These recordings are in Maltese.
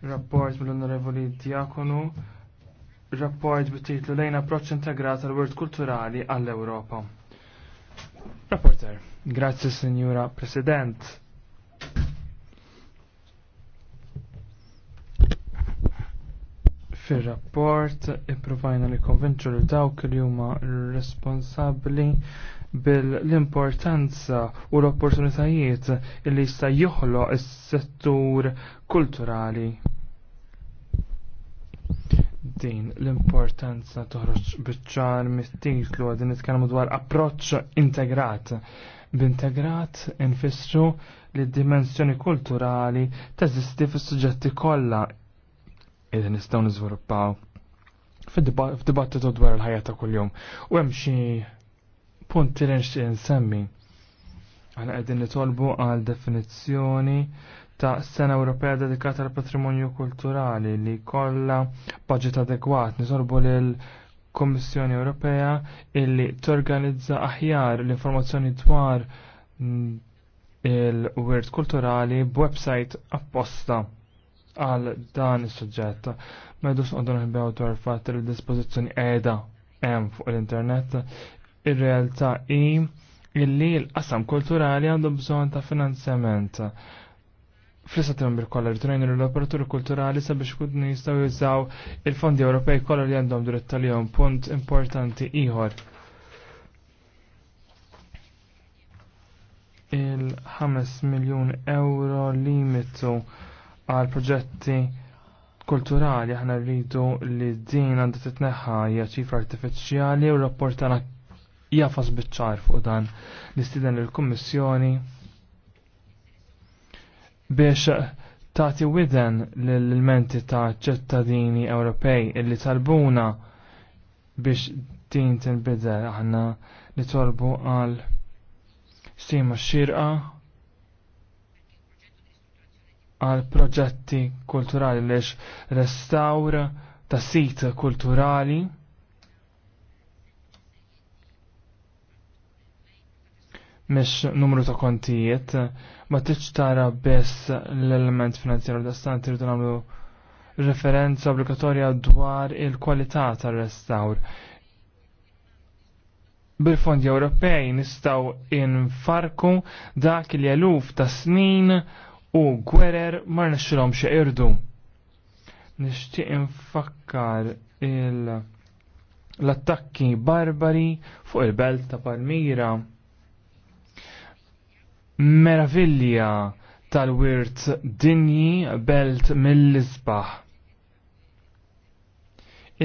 rapport mill-Onorevoli Diakonu, rapport bit-titlu lejn approċċ integrat għal world kulturali għall-Ewropa. Rapporter, grazie Signora President. Fir-rapport ipprovajna li konvinċu li dawk li huma responsabbli bil-importanza u l-opportunitajiet li jista' joħloq is-settur kulturali din l-importanza toħroġ biċċar mit-titlu għadin nitkellmu dwar approċċ integrat. B'integrat infissru li d-dimensjoni kulturali teżisti fis-suġġetti kollha qegħdin nistgħu niżviluppaw fid-dibattitu dwar il-ħajja ta' kuljum. U hemm xi punti li nsemmi. insemmi. Għana qegħdin nitolbu għal definizzjoni ta' sena Ewropea dedikata għal patrimonju kulturali li kolla budget adekwat nisorbu lil Komissjoni Ewropea illi torganizza aħjar l-informazzjoni dwar il-wirt kulturali b'website apposta għal dan is-suġġett. Medus għandu nħibbew dwar fatt li dispożizzjoni qiegħda hemm fuq l-internet. Ir-realtà hi illi l-qasam kulturali għandu bżonn ta' finanzjament fl-istat kollha li trejnu l-operaturi kulturali sabiex ikunu jistgħu jużaw il-fondi Ewropej kollha li għandhom dritt tal-jom punt importanti ieħor. Il-5 miljun euro limitu għal proġetti kulturali aħna rridu li din għandha titneħħa hija ċifra artifiċjali u rapport tagħna jafas biċ-ċar fuq dan l-istiden lill kummissjoni biex tagħti widen l menti ta' ċittadini Ewropej illi talbuna biex din tinbidel aħna li torbu għal stima xirqa għal proġetti kulturali lix restawra ta' sit kulturali mish numru ta' kontijiet, ma tiċ tara bess l-element finanzjaru da' stan tiridu namlu referenza obbligatorja dwar il-kwalità tal-restawr. Bil-fondi Ewropej nistaw infarku dak il eluf ta' snin u gwerer mar nixilom xe irdu. Nishtiq infakkar il- l-attakki barbari fuq il-belt ta' Palmira meravilja tal-wirt dinji belt mill-isbaħ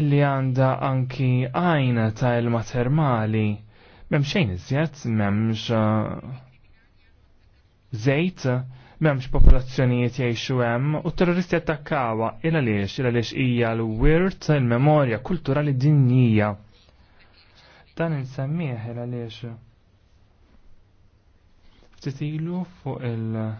illi għanda anki għajna ta' ilma termali memx xejn iżjed, memx zejt, memx popolazzjonijiet jgħixu hemm u terroristi attakkawa il għaliex il għaliex hija l-wirt il-memorja kulturali dinjija. Dan insemmieħ il għaliex titilu fuq il-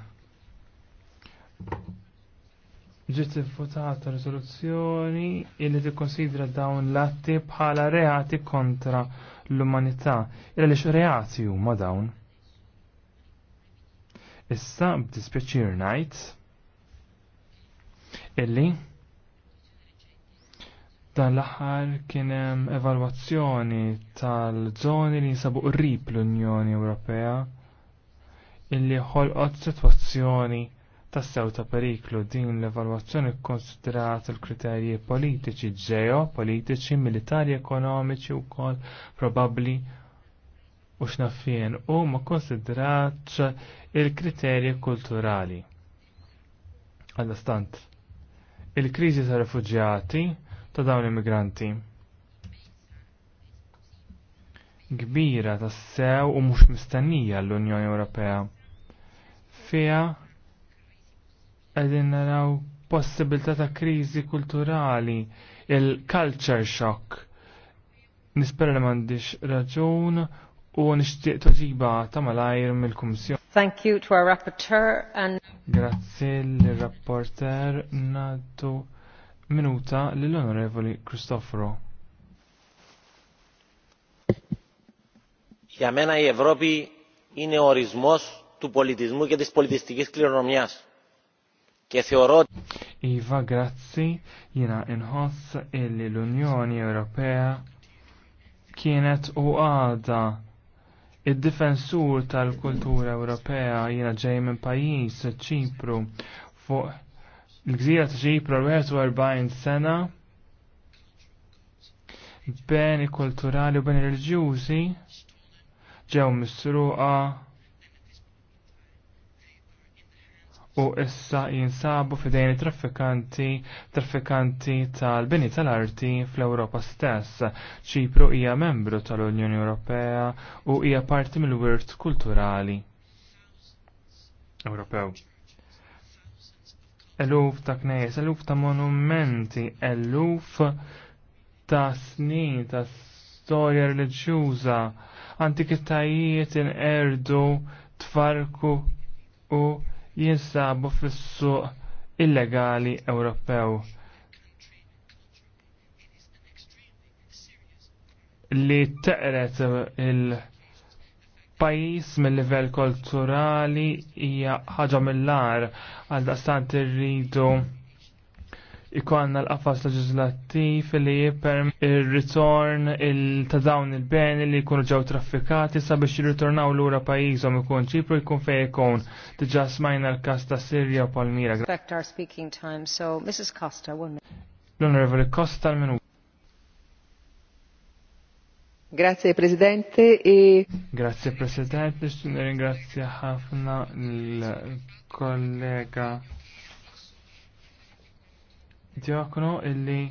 ġiet votata riżoluzzjoni illi tikkonsidra dawn l-atti bħala reati kontra l-umanità illa lix reati huma dawn. Issa b'dispjaċir ngħid illi dan l-aħħar kien hemm evalwazzjoni tal-żoni li jinsabu qrib l-Unjoni Ewropea illi ħolqot sitwazzjoni ta' sew ta' periklu din l-evalwazzjoni konsiderat il-kriterji politiċi ġejo, politiċi, militari, ekonomiċi u kol probabli u xnaffien u ma konsiderat il-kriterji kulturali. Għallastant, il-krizi ta' refugjati ta' dawn immigranti kbira ta' sew u mhux mistennija l-Unjoni Ewropea fija għedin naraw possibilità ta' kriżi kulturali, il-culture shock. Nispera li m'għandix raġun u nixtieq toġiba ta' malajr mill-Kummissjoni. Thank you to our rapporteur and Grazie l rapporteur nadu minuta l-Onorevoli Cristoforo. Για μένα η Ευρώπη είναι ορισμός του πολιτισμού και της πολιτιστικής κληρονομιάς. Και θεωρώ... Iva, grazzi, jina inħoss illi l-Unjoni Ewropea kienet u għada id-difensur tal-kultura Ewropea jina ġej minn pajis ċipru fuq l-gżira ta' ċipru 41 sena beni kulturali u beni reġjużi ġew misruqa u issa jinsabu fidejn traffikanti traffikanti tal-bini tal-arti fl-Ewropa stess. ċipru hija membru tal-Unjoni Ewropea u hija parti mill-wirt kulturali. Ewropew. Eluf ta' knejes, eluf ta' monumenti, eluf ta' snin ta' storja reliġjuża, antikitajiet erdu tfarku u jinsabu fis-suq illegali Ewropew li teqret il-pajis mill-livell kulturali hija ħaġa mill-lar għal daqstant irridu ikonna l-qafas leġislattiv li jipperm il-ritorn ta' dawn il-beni li jkunu ġew traffikati sabiex jirritornaw l-ura pajizom ikun ċipru jkun fej ikun diġa smajna l-kas ta' Sirja u Palmira. L-Onorevoli Costa l-minu. Grazie Presidente e... Grazie Presidente, ringrazio ħafna il collega Diokru illi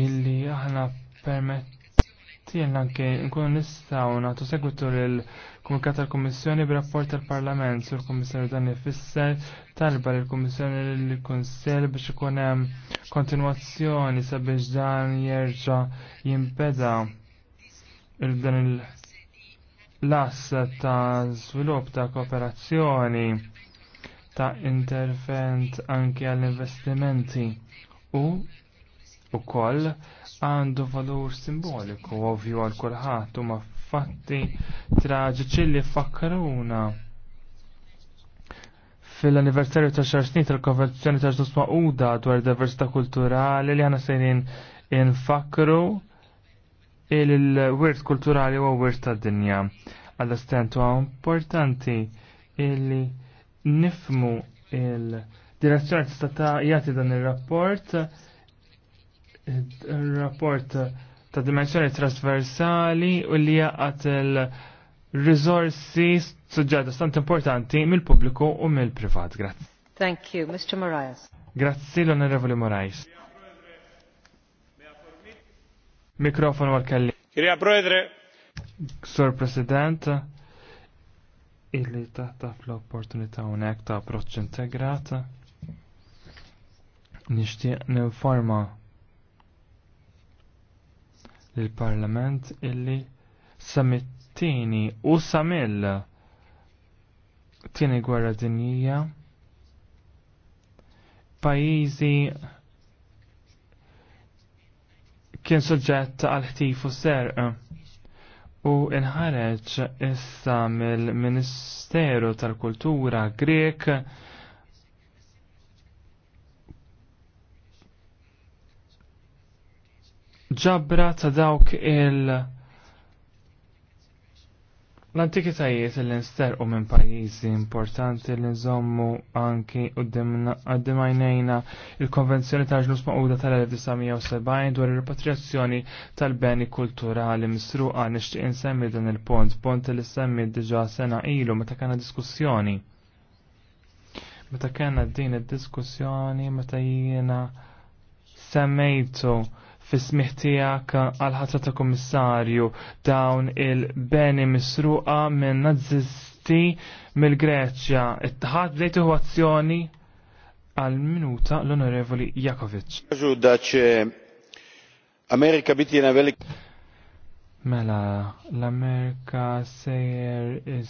illi aħna permettilna anke nkunu nistgħu nagħtu segwitu lil komunikat tal-Kummissjoni b'rapport tal-Parlament sur Kummissarju dan ifisser talba lill kummissjoni lill kunsell biex ikun hemm kontinwazzjoni sabiex dan jerġa' jimpeda il-dan il-lass ta' żvilupp ta' kooperazzjoni ta' intervent anke għall-investimenti u u koll għandu valur simboliku ovvju għal kulħadd u ma fatti traġiċi li fakkaruna fil-anniversarju ta' xarsni tal-konvenzjoni ta' ġnus maquda dwar diversità kulturali li għana sejrin infakru il-wirt kulturali u wirt tad dinja. Għal-estentu importanti illi nifmu il-direzzjoni tista' ta' jagħti dan ir-rapport il-rapport ta' dimensjoni trasversali u li jaqat il-rizorsi suġġata stant importanti mill-pubbliku u mill-privat. Grazie. Thank you, Mr. Moraes. Grazzi l-Onorevoli Moraes. Mikrofon għal-kelli. Kirja Sur President, illi taħta fl-opportunità unek ta' approċċ integrat nixtieq ninforma lill-Parlament illi samittini u samil tieni gwerra dinjija pajjiżi kien suġġett għal ħtif serq u inħareġ issa mill-Ministeru tal-Kultura Grek ġabra ta' dawk il- L-antikitajiet li nsterqu minn pajjiżi importanti li nżommu anki għajnejna il-Konvenzjoni ta' ġnus maquda tal-1970 dwar il-repatriazzjoni tal-beni kulturali misruqa nixtieq insemmi dan il-pont, pont li semmi diġa sena ilu meta kena diskussjoni. Meta kena din id-diskussjoni meta jiena semmejtu fis-smih għal ħatra ta' komissarju dawn il-beni misruqa minn nazzisti mill-Greċja. Ittħad bdejt azzjoni għal minuta l-Onorevoli Jakovic. Amerika bitjena velik. Mela, l-Amerika sejr is-sir.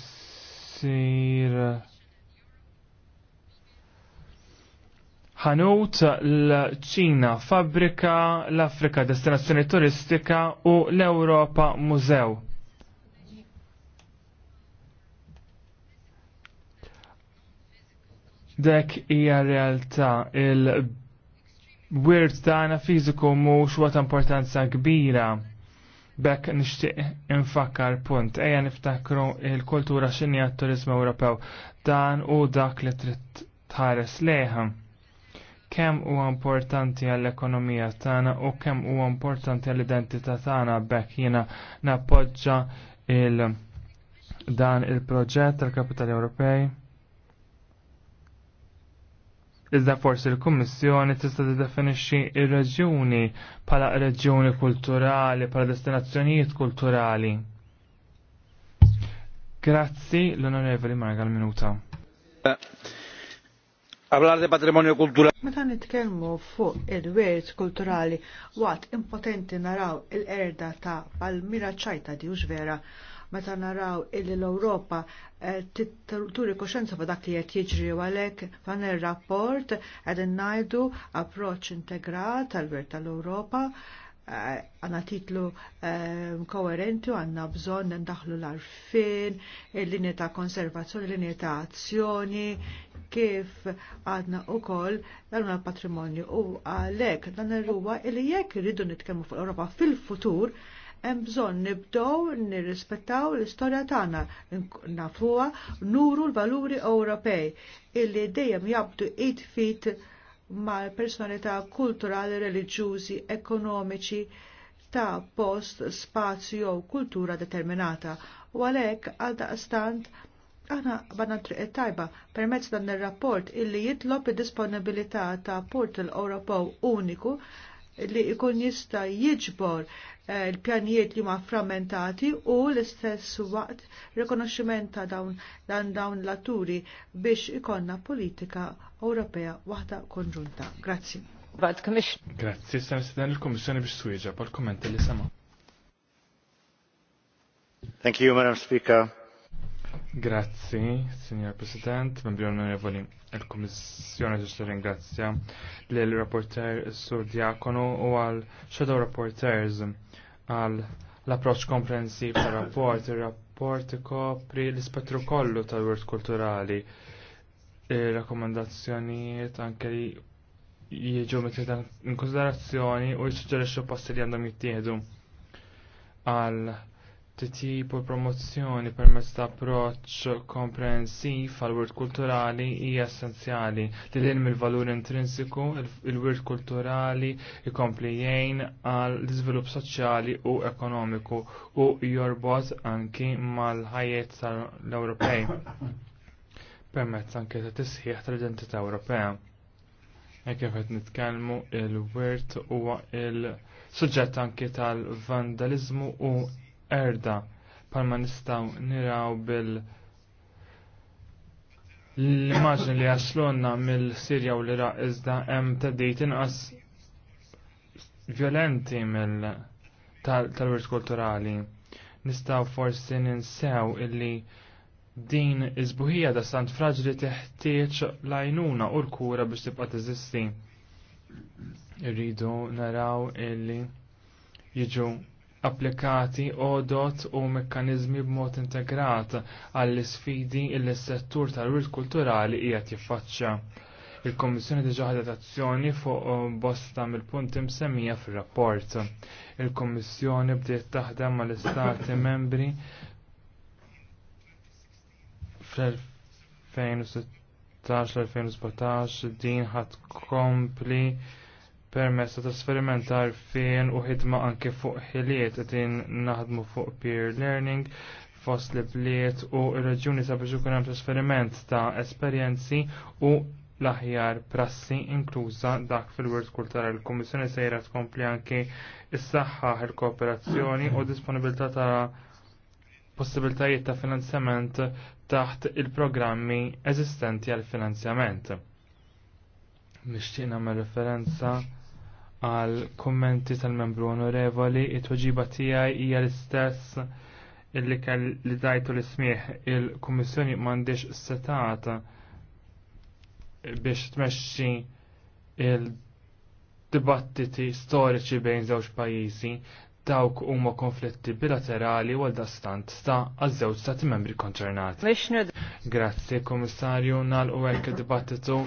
is-sir ħanut l-ċina fabrika, l-Afrika destinazzjoni turistika u l-Europa mużew. Dek hija realtà il-wirt tagħna fiżiku mhux wata importanza kbira. Bekk nixtieq infakkar punt, ejja niftakru il-kultura x'inhi t-turizmu Ewropew dan u dak li trid tħares leħa kemm huwa importanti għall-ekonomija tagħna u kemm huwa importanti għall-identità tagħna bekk jiena nappoġġa il dan il-proġett tal-Kapitali Ewropej. Iżda forsi l-Kummissjoni tista' tiddefinixxi ir-reġjuni bħala reġjuni kulturali, bħala destinazzjonijiet kulturali. Grazzi l-Onorevoli Marga l-Minuta. Eh, Hablar de patrimonio kulturali. Meta nitkellmu fuq il-wirt kulturali, waqt impotenti naraw il-erda ta' Palmira ċajta di vera, meta naraw il l-Ewropa eh, turi koxenza fa' dak li qed jiġri u għalhekk fan ir-rapport qegħdin ngħidu approċċ integrat tal-wirt tal-Ewropa eh, għanna titlu eh, koherenti u għanna bżon ndaħlu l-arfin, l-linja ta' konservazzjoni, l-linja ta' azzjoni, kif għadna u koll dan patrimonju u għalek dan il-ruwa li jekk rridu nitkellmu fuq Europa fil-futur hemm bżonn nibdew nirrispettaw l-istorja tagħna nafuha nuru l-valuri Ewropej illi dejjem jabdu id fit mal-personalità kulturali, reliġjużi, ekonomiċi ta' post, spazju jew kultura determinata u għalhekk għal daqstant Aħna badna triq tajba permezz dan ir-rapport illi jitlob id-disponibilità ta' portal Europow uniku li jkun jista' jiġbor eh, il-pjanijiet li ma frammentati u l-istess waqt rikonoxximent ta' dawn dan dawn l-atturi biex ikonna politika Ewropea waħda konġunta. Grazzi. Grazzi, sam dan il-Kommissjoni biex swieġa pal-kommenti li sama. Thank you, Madam Speaker. Grazzi, Signor President, membri onorevoli, il-Kommissjoni ġiġ ringrazzja l-rapporter Sur diacono u al Shadow rapporteurs għal l-approċ komprensiv rapport il rapporto kopri l-ispettru kollu tal-wirt kulturali, il-rakomendazzjonijiet anke li jieġu metrieta in konsiderazzjoni u jissuġġerixxu passi li għandhom jittieħdu al titjib u promozzjoni permezz ta' approċċ komprensiv għal wirt kulturali hija essenzjali li lil mill-valur intrinsiku il-wirt kulturali jkompli jgħin għal l-iżvilupp soċjali u ekonomiku u jorbot anki mal-ħajiet tal-Ewropej permezz anke ta' tisħiħ tal-identità Ewropea. E kif qed nitkellmu il-wirt huwa il-suġġett anki tal-vandalizmu u erda palma nistaw niraw bil l-immaġni li għaxlonna mill-Sirja u l-Iraq iżda hemm tedejt inqas violenti mill tal-wirt kulturali. Nistaw forsi ninsew illi din iżbuħija da sant fraġli teħtieġ lajnuna u l-kura biex tibqa' tiżisti. Irridu naraw illi jiġu applikati odot u mekkanizmi b'mod integrat għall sfidi il settur tal-wirt kulturali qiegħed jiffaċċja. Il-Kommissjoni diġa ħadet azzjoni fuq uh, bosta mill-punti msemmija fir-rapport. Il-Kommissjoni bdiet taħdem mal-Istati membri fl-2016-2017 din ħat kompli permess ta' trasferiment fejn u ħidma anke fuq ħiliet din naħdmu fuq peer learning fost li bliet u r-reġjuni ta' biex ikun hemm trasferiment ta' esperjenzi u l-aħjar prassi inkluża dak fil world Cultural Il-Kummissjoni sejra tkompli anke s-saħħa il-kooperazzjoni u disponibilità ta' possibiltajiet ta' finanzjament taħt il-programmi eżistenti għal finanzjament. Mixtieq nagħmel referenza għal kommenti tal-membru onorevoli, it-tweġiba tiegħi hija l-istess illi kell li dajtu l-ismieħ il-Kummissjoni m'għandix setat biex tmexxi il-dibattiti storiċi bejn żewġ pajjiżi dawk huma konflitti bilaterali u dastant sta għaż-żewġ stati membri konċernati. Grazzi, Komissarju, nal-u dibattitu